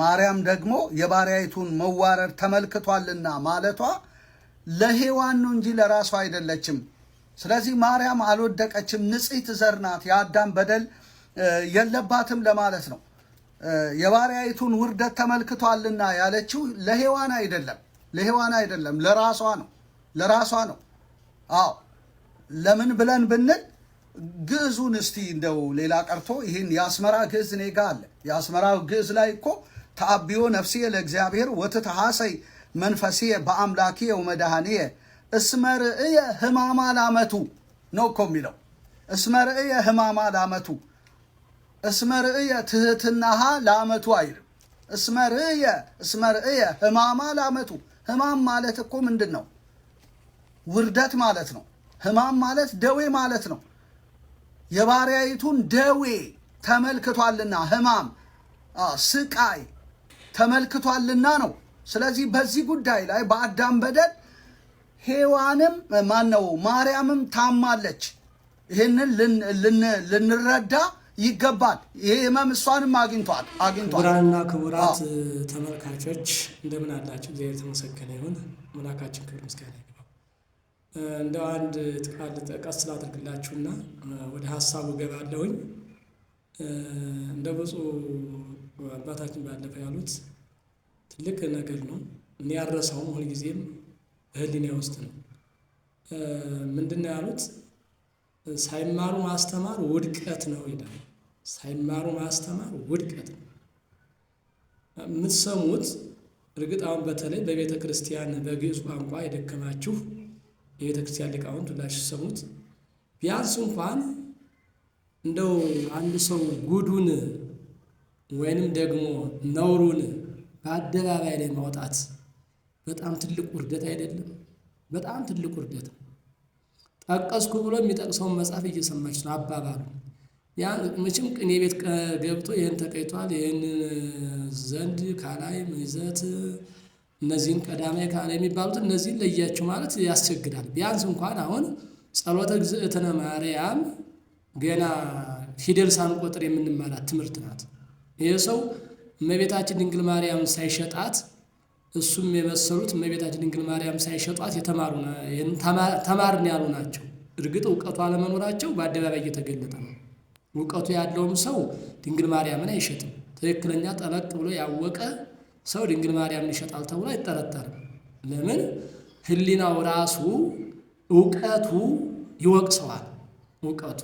ማርያም ደግሞ የባሪያይቱን መዋረድ ተመልክቷልና ማለቷ ለሔዋን ነው እንጂ ለራሷ አይደለችም። ስለዚህ ማርያም አልወደቀችም፣ ንጽሕት ዘር ናት፣ የአዳም በደል የለባትም ለማለት ነው። የባሪያይቱን ውርደት ተመልክቷልና ያለችው ለሔዋን አይደለም፣ ለሔዋን አይደለም፣ ለራሷ ነው፣ ለራሷ ነው። አዎ ለምን ብለን ብንል ግዕዙን እስቲ እንደው ሌላ ቀርቶ ይህን የአስመራ ግዕዝ እኔ ጋ አለ። የአስመራ ግዕዝ ላይ እኮ ተአብዮ ነፍስየ ለእግዚአብሔር ወትትሐሰይ መንፈስየ በአምላክየ ወመድኃኒየ እስመ ርእየ ሕማማ ላመቱ ነው እኮ የሚለው። እስመ ርእየ ሕማማ ላመቱ፣ እስመ ትህትናሃ ላመቱ አይልም። እስመ ርእየ እስመ ሕማማ ላመቱ። ሕማም ማለት እኮ ምንድን ነው? ውርደት ማለት ነው። ሕማም ማለት ደዌ ማለት ነው። የባሪያይቱን ደዌ ተመልክቷልና ህማም ስቃይ ተመልክቷልና ነው። ስለዚህ በዚህ ጉዳይ ላይ በአዳም በደል ሔዋንም ማን ነው ማርያምም ታማለች። ይህንን ልንረዳ ይገባል። ይሄ ህመም እሷንም አግኝቷል አግኝቷል። ክቡራንና ክቡራት ተመልካቾች እንደምን አላቸው? እግዚአብሔር የተመሰገነ ይሁን። መላካችን ክብር ምስጋና እንደ አንድ ቃል ጠቀስ ላድርግላችሁና ወደ ሀሳቡ ገባለሁኝ። እንደ ብፁዕ አባታችን ባለፈ ያሉት ትልቅ ነገር ነው። እኔ ያረሳውም ሁልጊዜም በህሊና ውስጥ ነው። ምንድን ነው ያሉት? ሳይማሩ ማስተማር ውድቀት ነው ይላል። ሳይማሩ ማስተማር ውድቀት ነው። የምትሰሙት እርግጥ አሁን በተለይ በቤተ ክርስቲያን በግዕዝ ቋንቋ የደከማችሁ የቤተክርስቲያን ሊቃውንት ሁላችሁ ሰሙት። ቢያንስ እንኳን እንደው አንድ ሰው ጉዱን ወይንም ደግሞ ነውሩን በአደባባይ ላይ ማውጣት በጣም ትልቅ ውርደት አይደለም? በጣም ትልቅ ውርደት ጠቀስኩ ብሎ የሚጠቅሰውን መጽሐፍ እየሰማች ነው አባባሉ። ምችም መቼም ቅኔ ቤት ገብቶ ይህን ተቀይቷል፣ ይህን ዘንድ ካላይ ምዘት እነዚህን ቀዳማይ ካህን የሚባሉት እነዚህን ለያችሁ ማለት ያስቸግዳል። ቢያንስ እንኳን አሁን ጸሎተ እግዝእትነ ማርያም ገና ፊደል ሳንቆጥር የምንማላት ትምህርት ናት። ይህ ሰው እመቤታችን ድንግል ማርያም ሳይሸጣት እሱም የመሰሉት እመቤታችን ድንግል ማርያም ሳይሸጧት ተማርን ያሉ ናቸው። እርግጥ እውቀቱ አለመኖራቸው በአደባባይ እየተገለጠ ነው። እውቀቱ ያለውም ሰው ድንግል ማርያምን አይሸጥም። ትክክለኛ ጠለቅ ብሎ ያወቀ ሰው ድንግል ማርያምን ይሸጣል ተብሎ አይጠረጠርም። ለምን? ህሊናው ራሱ እውቀቱ ይወቅሰዋል። እውቀቱ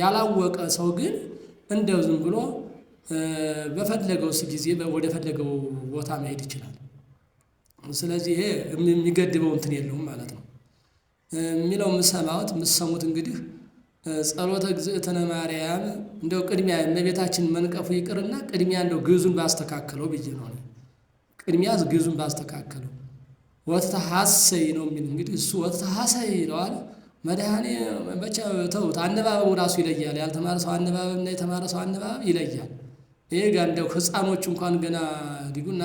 ያላወቀ ሰው ግን እንደው ዝም ብሎ በፈለገው ጊዜ ወደ ፈለገው ቦታ መሄድ ይችላል። ስለዚህ ይሄ የሚገድበው እንትን የለውም ማለት ነው። የሚለው የምሰማት የምሰሙት እንግዲህ ጸሎተ እግዝእትነ ማርያም እንደው ቅድሚያ እመቤታችን መንቀፉ ይቅርና ቅድሚያ እንደው ግዙን ባስተካከለው ብዬ ነው። ቅድሚያ ግዙን ባስተካከለው ወተ ሀሰይ ነው የሚል እንግዲህ እሱ ወተ ሀሰይ ይለዋል። መድኃኔ መቻ ተውት። አነባበቡ ራሱ ይለያል። ያልተማረ ሰው አነባበብ እና የተማረ ሰው አነባበብ ይለያል። ይህ ጋር እንደው ህፃኖች እንኳን ገና ዲቁና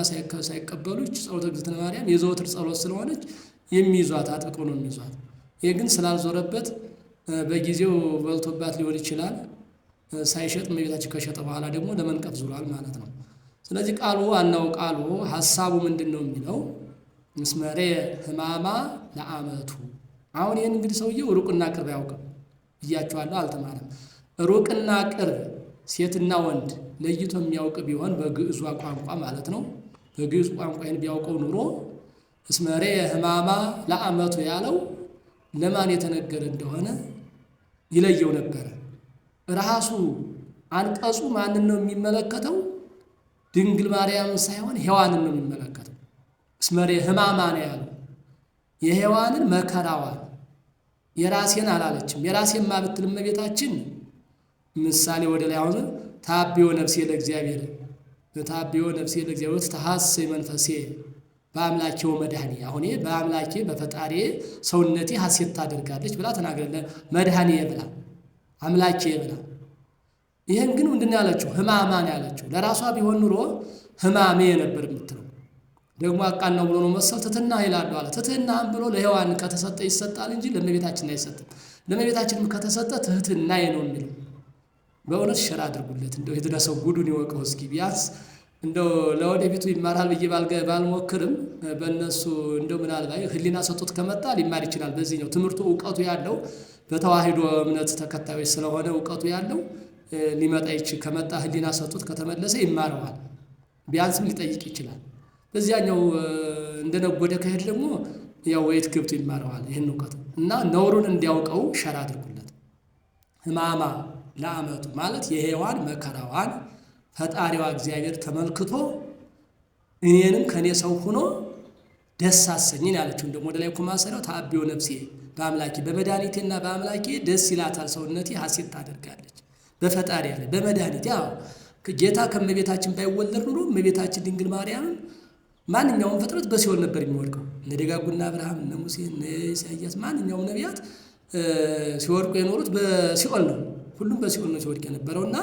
ሳይቀበሉች ጸሎተ እግዝእትነ ማርያም የዘወትር ጸሎት ስለሆነች የሚይዟት አጥብቀው ነው የሚይዟት። ይህ ግን ስላልዞረበት በጊዜው በልቶባት ሊሆን ይችላል። ሳይሸጥ እመቤታችን ከሸጠ በኋላ ደግሞ ለመንቀፍ ዙሯል ማለት ነው። ስለዚህ ቃሉ ዋናው ቃሉ ሀሳቡ ምንድን ነው የሚለው ምስመሬ ህማማ ለአመቱ። አሁን ይህን እንግዲህ ሰውዬው ሩቅና ቅርብ አያውቅም እያቸዋለሁ፣ አልተማረም። ሩቅና ቅርብ ሴትና ወንድ ለይቶ የሚያውቅ ቢሆን በግዕዟ ቋንቋ ማለት ነው። በግዕዝ ቋንቋ ይህን ቢያውቀው ኑሮ ምስመሬ ህማማ ለአመቱ ያለው ለማን የተነገረ እንደሆነ ይለየው ነበረ። ራሱ አንቀጹ ማንን ነው የሚመለከተው? ድንግል ማርያም ሳይሆን ሔዋንን ነው የሚመለከተው። እስመሬ ህማማ ነው ያለው። የሔዋንን መከራዋን የራሴን አላለችም። የራሴን ማብትል እመቤታችን ምሳሌ ወደ ላይ አሁን ታቢዮ ነፍሴ ለእግዚአብሔር ታቢዮ ነፍሴ ለእግዚአብሔር ተሐሰይ መንፈሴ በአምላኬው መድኃኒ አሁን በአምላኬ በፈጣሪ ሰውነቴ ሐሴት ታደርጋለች ብላ ተናግረለ መድኃኒ ብላ አምላኬ ብላ ይህን ግን ምንድን ያለችው ህማማን ያለችው ለራሷ ቢሆን ኑሮ ህማሜ ነበር የምትለው። ደግሞ አቃን ነው ብሎ ነው መሰል ትትና ይላሉ አለ። ትትናም ብሎ ለሔዋን ከተሰጠ ይሰጣል እንጂ ለእመቤታችን አይሰጥም። ለእመቤታችንም ከተሰጠ ትህትና ነው የሚለው። በእውነት ሽራ አድርጉለት እንደው የድረሰው ጉዱን ይወቀው እስኪ ቢያንስ እንደው ለወደፊቱ ይማራል ብዬ ባልሞክርም በእነሱ እንደው ምናልባት ህሊና ሰጡት ከመጣ ሊማር ይችላል። በዚህ ነው ትምህርቱ እውቀቱ ያለው በተዋህዶ እምነት ተከታዮች ስለሆነ እውቀቱ ያለው ሊመጣ ይችል ከመጣ ህሊና ሰጡት ከተመለሰ ይማረዋል። ቢያንስም ሊጠይቅ ይችላል። በዚያኛው እንደነጎደ ከሄድ ደግሞ ያው ወይት ገብቶ ይማረዋል ይህን እውቀቱ እና ነውሩን እንዲያውቀው ሸራ አድርጉለት። ህማማ ለአመቱ ማለት የሔዋን መከራዋን ፈጣሪዋ እግዚአብሔር ተመልክቶ እኔንም ከእኔ ሰው ሆኖ ደስ አሰኝን ያለችው ደግሞ ወደ ላይ እኮ ተአቢዮ ታቢዮ ነፍሴ በአምላኬ በመድኃኒቴና በአምላኬ ደስ ይላታል ሰውነቴ ሀሴት ታደርጋለች። በፈጣሪ ያለ በመድኃኒት ያው ጌታ ከእመቤታችን ባይወለድ ኑሮ እመቤታችን ድንግል ማርያምን ማንኛውም ፍጥረት በሲኦል ነበር የሚወድቀው። እነ ደጋጉና አብርሃም፣ እነ ሙሴ፣ እነ ኢሳያስ ማንኛውም ነቢያት ሲወድቁ የኖሩት በሲኦል ነው። ሁሉም በሲኦል ነው ሲወድቅ የነበረው እና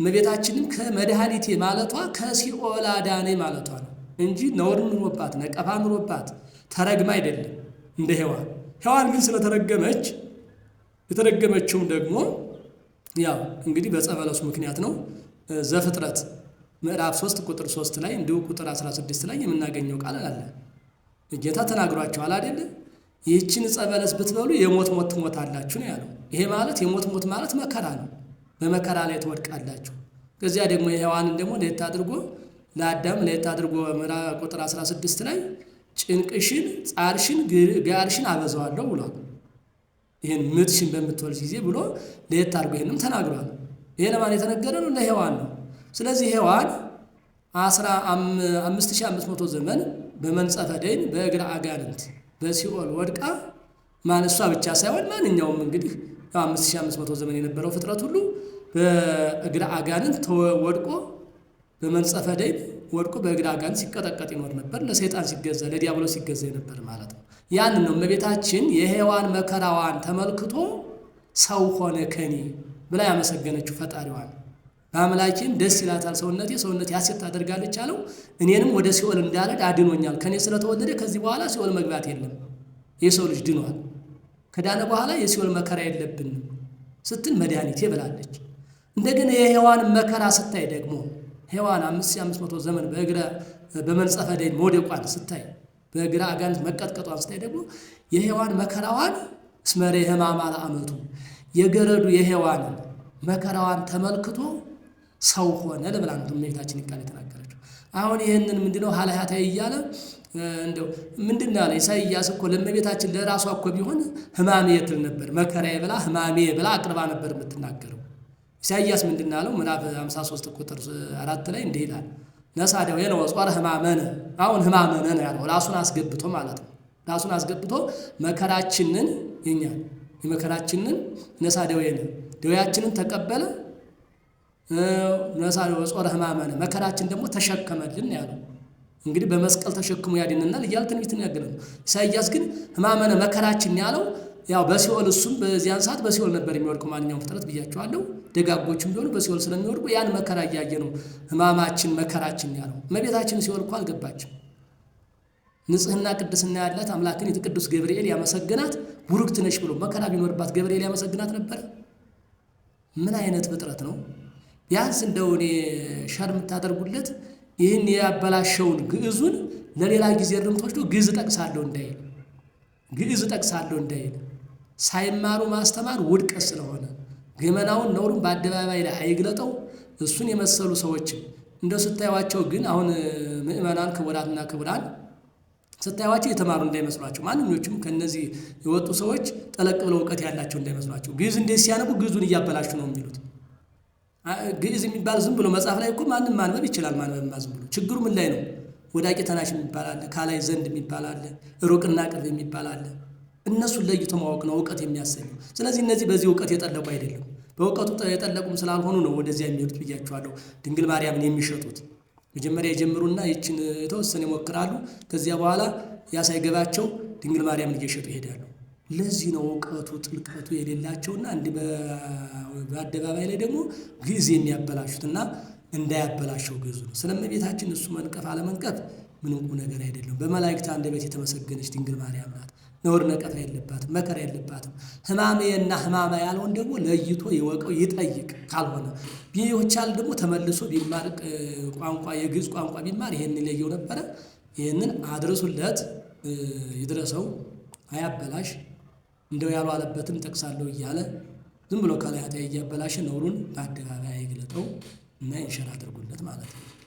እመቤታችንም ከመድኃኒቴ ማለቷ ከሲኦል አዳኔ ማለቷ ነው እንጂ ነውር ኑሮባት ነቀፋ ኑሮባት ተረግማ አይደለም እንደ ሔዋን ሔዋን ግን ስለተረገመች የተረገመችውም ደግሞ ያው እንግዲህ በጸበለሱ ምክንያት ነው። ዘፍጥረት ምዕራፍ 3 ቁጥር 3 ላይ እንዲሁ ቁጥር 16 ላይ የምናገኘው ቃል አለ። ጌታ ተናግሯቸዋል አይደል? ይህችን ጸበለስ ብትበሉ የሞት ሞት ትሞታላችሁ ነው ያለው። ይሄ ማለት የሞት ሞት ማለት መከራ ነው። በመከራ ላይ ትወድቃላችሁ። ከዚያ ደግሞ የሔዋንን ደግሞ ለየት አድርጎ ለአዳም ለየት አድርጎ ምዕራፍ ቁጥር 16 ላይ ጭንቅሽን፣ ጻርሽን፣ ጋርሽን አበዛዋለሁ ብሏል። ይህን ምትሽን በምትወልጅ ጊዜ ብሎ ለየት አድርጎ ይህንም ተናግሯል። ይሄ ለማን የተነገረ ነው? ለሔዋን ነው። ስለዚህ ሔዋን አስራ አምስት ሺህ አምስት መቶ ዘመን በመንጸፈ ደይን በእግረ አጋንንት በሲኦል ወድቃ ማን እሷ ብቻ ሳይሆን ማንኛውም እንግዲህ አምስት ሺህ አምስት መቶ ዘመን የነበረው ፍጥረት ሁሉ በእግረ አጋንንት ወድቆ በመንጸፈ ደይን ወድቆ በእግረ አጋንንት ሲቀጠቀጥ ይኖር ነበር። ለሰይጣን ሲገዛ ለዲያብሎ ሲገዛ ነበር ማለት ነው። ያን ነው እመቤታችን የሔዋን መከራዋን ተመልክቶ ሰው ሆነ ከኒ ብላ ያመሰገነችው ፈጣሪዋን። በአምላኬም ደስ ይላታል ሰውነቴ፣ ሰውነቴ ሐሴት ታደርጋለች አለው። እኔንም ወደ ሲኦል እንዳልሄድ አድኖኛል። ከእኔ ስለተወለደ ከዚህ በኋላ ሲኦል መግባት የለም። የሰው ልጅ ድኗል። ከዳነ በኋላ የሲኦል መከራ የለብንም ስትል መድኃኒቴ ብላለች። እንደገና የሔዋን መከራ ስታይ ደግሞ ሔዋን አምስት ሺህ አምስት መቶ ዘመን በእግረ በመንጸፈ ደይን መውደቋን ስታይ በግራ አጋንንት መቀጥቀጧን ስታይ ደግሞ የሔዋን መከራዋን እስመረ የሕማማ ለአመቱ የገረዱ የሔዋንን መከራዋን ተመልክቶ ሰው ሆነ ለብላ ነው እመቤታችን ቃል የተናገረችው። አሁን ይህንን ምንድነው ሀላያታዊ እያለ እንደው ምንድን ያለ ኢሳይያስ እኮ ለእመቤታችን ለራሷ እኮ ቢሆን ህማሜ የትል ነበር መከራዬ ብላ ህማሜ ብላ አቅርባ ነበር የምትናገረው። ኢሳይያስ ምንድን ያለው ምዕራፍ 53 ቁጥር አራት ላይ እንዲህ ይላል ነሳ ደዌ ለወጾር ህማመነ አሁን ህማመነ ነው ያለው። ራሱን አስገብቶ ማለት ነው። ራሱን አስገብቶ መከራችንን የኛል የመከራችንን ነሳ ደዌ ነው ደዌያችንን ተቀበለ። ነሳ ደዌ ወጾር ህማመነ መከራችን ደግሞ ተሸከመልን ያለው እንግዲህ በመስቀል ተሸክሞ ያድነናል እያለ ትንቢትን ያገናል። ኢሳይያስ ግን ህማመነ መከራችን ያለው ያው በሲኦል እሱም በዚያን ሰዓት በሲኦል ነበር የሚወድቀው ማንኛውም ፍጥረት ብያቸዋለሁ። ደጋጎችም ቢሆኑ በሲኦል ስለሚወድቁ ያን መከራ እያየ ነው ህማማችን መከራችን ያለው። እመቤታችን ሲኦል እኮ አልገባችም። ንጽህና ቅድስና ያላት አምላክን ቅዱስ ገብርኤል ያመሰግናት ቡርክት ነሽ ብሎ መከራ ቢኖርባት ገብርኤል ያመሰግናት ነበር? ምን አይነት ፍጥረት ነው? ቢያንስ እንደው እኔ ሸር የምታደርጉለት ይህን ያበላሸውን ግዕዙን ለሌላ ጊዜ ርምቶች ግዕዝ ጠቅሳለሁ እንዳይል ግዕዝ ጠቅሳለሁ እንዳይል ሳይማሩ ማስተማር ውድቀት ስለሆነ ገመናውን ነውሩን በአደባባይ ላይ አይግለጠው። እሱን የመሰሉ ሰዎችም እንደ ስታዩቸው ግን አሁን ምእመናን ክቡራትና ክቡራን ስታዩቸው የተማሩ እንዳይመስሏቸው ማንኞቹም ከነዚህ የወጡ ሰዎች ጠለቅ ብለው እውቀት ያላቸው እንዳይመስሏቸው። ግዕዝ እንዴት ሲያነቡ ግዕዙን እያበላሹ ነው የሚሉት። ግዕዝ የሚባል ዝም ብሎ መጽሐፍ ላይ እኮ ማንም ማንበብ ይችላል። ማንበብማ ዝም ብሎ ችግሩ ምን ላይ ነው? ወዳቂ ተናሽ የሚባል አለ፣ ካላይ ዘንድ የሚባል አለ፣ ሩቅና ቅርብ የሚባል አለ። እነሱን ለይቶ ማወቅ ነው እውቀት የሚያሰኘው። ስለዚህ እነዚህ በዚህ እውቀት የጠለቁ አይደለም፣ በእውቀቱ የጠለቁም ስላልሆኑ ነው ወደዚያ የሚሄዱት ብያቸዋለሁ። ድንግል ማርያምን የሚሸጡት መጀመሪያ የጀምሩና ይችን የተወሰነ ይሞክራሉ። ከዚያ በኋላ ያሳይገባቸው ድንግል ማርያምን እየሸጡ ይሄዳሉ። ለዚህ ነው እውቀቱ ጥልቀቱ የሌላቸውና እንዲ በአደባባይ ላይ ደግሞ ግዕዝ የሚያበላሹትና እንዳያበላሸው ግዕዙ ነው። ስለእመቤታችን እሱ መንቀፍ አለመንቀፍ ምንም ቁም ነገር አይደለም። በመላእክት አንደበት የተመሰገነች ድንግል ማርያም ናት። ነውር ነቀፋ የለባትም፣ መከራ የለባትም። ሕማሜና ህማማ ያለውን ደግሞ ለይቶ ይወቀው ይጠይቅ። ካልሆነ ቢቻል ደግሞ ተመልሶ ቢማር ቋንቋ የግዕዝ ቋንቋ ቢማር ይሄን ይለየው ነበረ። ይህንን አድርሱለት ይድረሰው፣ አያበላሽ እንደው ያሉ ያልዋለበትን ጠቅሳለሁ እያለ ዝም ብሎ ከላይ እያበላሽ ነውሩን በአደባባይ አይግለጠው እና ኢንሸር አድርጉለት ማለት ነው።